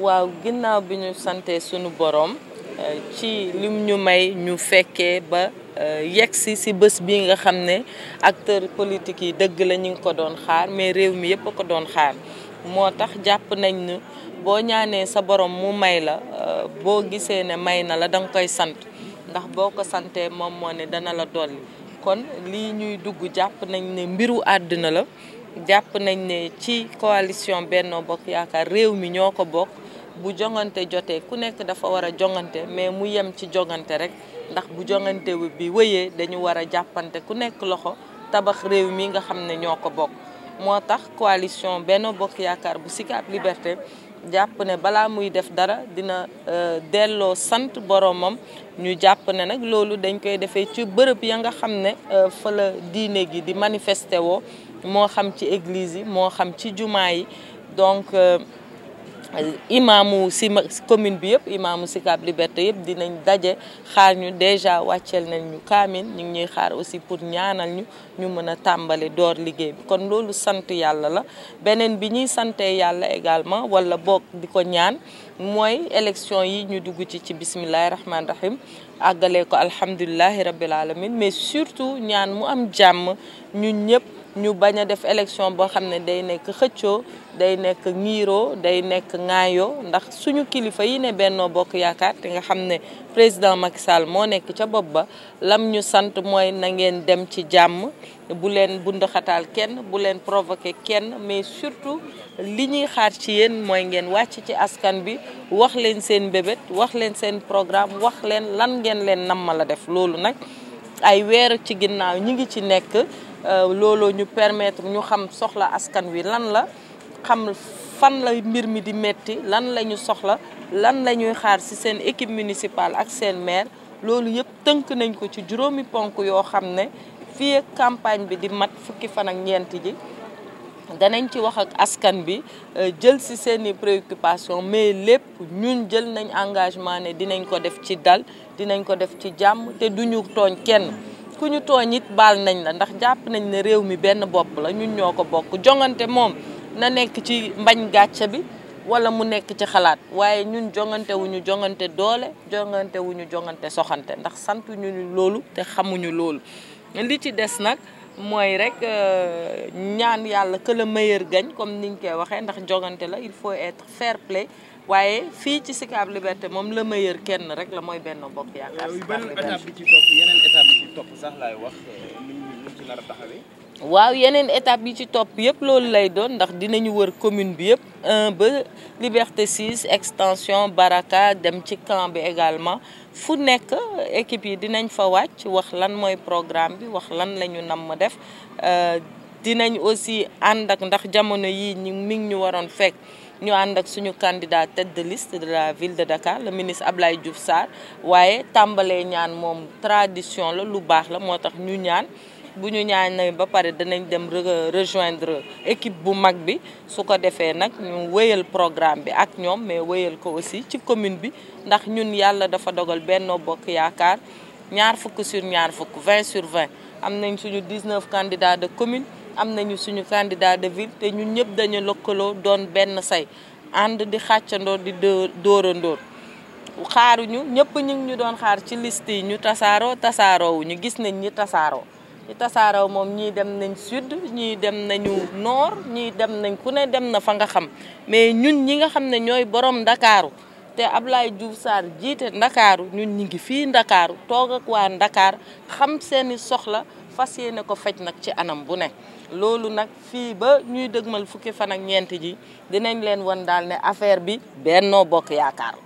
waaw ginnaaw bi ñu sante sunu boroom euh, ci lim ñu may ñu fekkee ba euh, yegsi si bés bi nga xam ne acteur politique yi dëgg la ñu ngi ko doon xaar mais réew mi yëpp a ko doon xaar moo tax jàpp nañ ne boo ñaanee sa boroom mu may la euh, boo gisee ne may na la da koy sant ndax boo ko santee moom moo ne dana la dolli kon lii ñuy dugg jàpp nañ ne mbiru àdduna la jàpp nañ ne ci coalition Benno Bokk Yaakaar réew mi ñoo ko bokk bu jongante jotee ku nekk dafa war a jongante mais mu yem ci jongante rek ndax bu jongante bi wéyee dañu war a jàppante ku nekk loxo tabax réew mi nga xam ne ñoo ko bokk. moo tax coalition benn Bokk Yaakaar bu Sicap Liberté jàpp ne balaa muy def dara dina euh, delloo sant boromam ñu jàpp ne nag loolu dañ koy defee ci bërëb ya nga xam ne euh, fa la diine gi di manifesté woo moo xam ci église yi moo xam ci jumaa yi donc. Euh, Euh, imaamu si commune bi yëpp imaamu Sicap Liberté yëpp dinañ daje xaar ñu déjà wàcceel nañ ñu kaamin ñu ngi ñuy xaar aussi pour ñaanal ñu ñu mën a tàmbali door liggéey bi kon loolu sant yàlla la beneen bi ñuy sante yàlla également wala boog di ko ñaan mooy élection yi ñu dugg ci ci bismillahi rahmaani rahim àggale ko alhamdulilahi rabbil alamin mais surtout ñaan mu am jàmm ñu ñëpp ñu bañ a def élection boo xam ne day nekk xëccoo day nekk ñiiroo day nekk ŋaayoo ndax suñu kilifa yi ne Benno Bokk Yaakaar te nga xam ne président Macky Sall moo nekk ca bopp ba lam ñu sant mooy na ngeen dem ci jàmm bu leen bundaxataal kenn bu leen provoqué kenn mais surtout li ñuy xaar ci yéen mooy ngeen wàcc ci askan bi wax leen seen bébét wax leen seen programme wax leen lan ngeen leen namm la def loolu nag ay weer ci ginnaaw ñi ngi ci nekk Euh, looloo ñu permettre ñu xam soxla askan wi lan la xam fan la mbir mi di metti lan la ñu soxla lan lañuy xaar ci seen équipe municipale ak seen maire loolu yëpp tënk nañ ko ci juróomi ponk yoo xam ne fii ak campagne bi di mat fukki fan ak ñeent ji danañ ci wax ak askan bi euh, jël ci seeni préoccupation mais lépp ñun jël nañ engagement ne dinañ ko def ci dal dinañ ko def ci jàmm te duñu tooñ kenn ku ñu tooñ it baal nañ la ndax jàpp nañ ne réew mi benn bopp la ñun ñoo ko bokk jongante moom na nekk ci mbañ gàcce bi wala mu nekk ci xalaat waaye ñun jongante wu ñu jongante doole jongante wu jongante soxante ndax santu loolu te xamuñu loolu li ci des nag mooy rek ñaan yàlla que le meilleur gagne comme niñ koy waxee ndax jogante la il faut être fair play waaye fii ci Sicap Liberté moom la meilleur kenn rek la mooy benn bokk yaakaar. Sicap Liberté ban étape bi ci topp yeneen étape bi ci topp sax laay wax. ñu waaw yeneen étape yi ci topp yëpp loolu lay doon ndax dinañu wër commune bi yëpp 1 ba Liberté 6 extension Baraka dem ci camp bi également fu nekk équipe yi dinañ fa wàcc wax lan mooy programme bi wax lan la ñu namm def euh, dinañ aussi ànd ak ndax jamono yii ñu mi ñu waroon fekk ñu ànd ak suñu candidat tête de liste de la ville de Dakar le ministre Ablaye Diouf Sarr waaye tàmbalee ñaan moom tradition la lu baax la moo tax ñu ñaan bu ñu ñaan na ba pare danañ dem rejoindre équipe bu mag bi su ko defee nag ñu wéyal programme bi ak ñoom mais wéyal ko aussi ci commune bi ndax ñun yàlla dafa dogal benn Bokk Yaakaar ñaar fukk sur ñaar fukk 20 sur 20 am nañ suñu 19 candidats de commune am nañu suñu candidat de ville te ñun ñëpp dañu lëkkaloo doon benn say ànd di xàccandoor di dóorandoor xaaruñu ñëpp ñu ngi ñu doon xaar ci liste yi ñu tasaaroo tasaaroo ñu gis nañ ñi tasaaroo ci tasaaroo moom ñii dem nañ sud ñii dem nañu nord ñii dem nañ ku ne dem na fa nga xam mais ñun ñi nga xam ne ñooy boroom ndakaaru te Ablaye jub Sarr jiite ndakaaru ñun ñi ngi fi ndakaaru toog ak waa ndakaar xam seeni soxla fas yéene ko faj nag ci anam bu ne loolu nag fii ba ñuy dëgmal fukki fan ak ñeent ji dinañ leen won daal ne affaire bi Benno Bokk Yaakaar.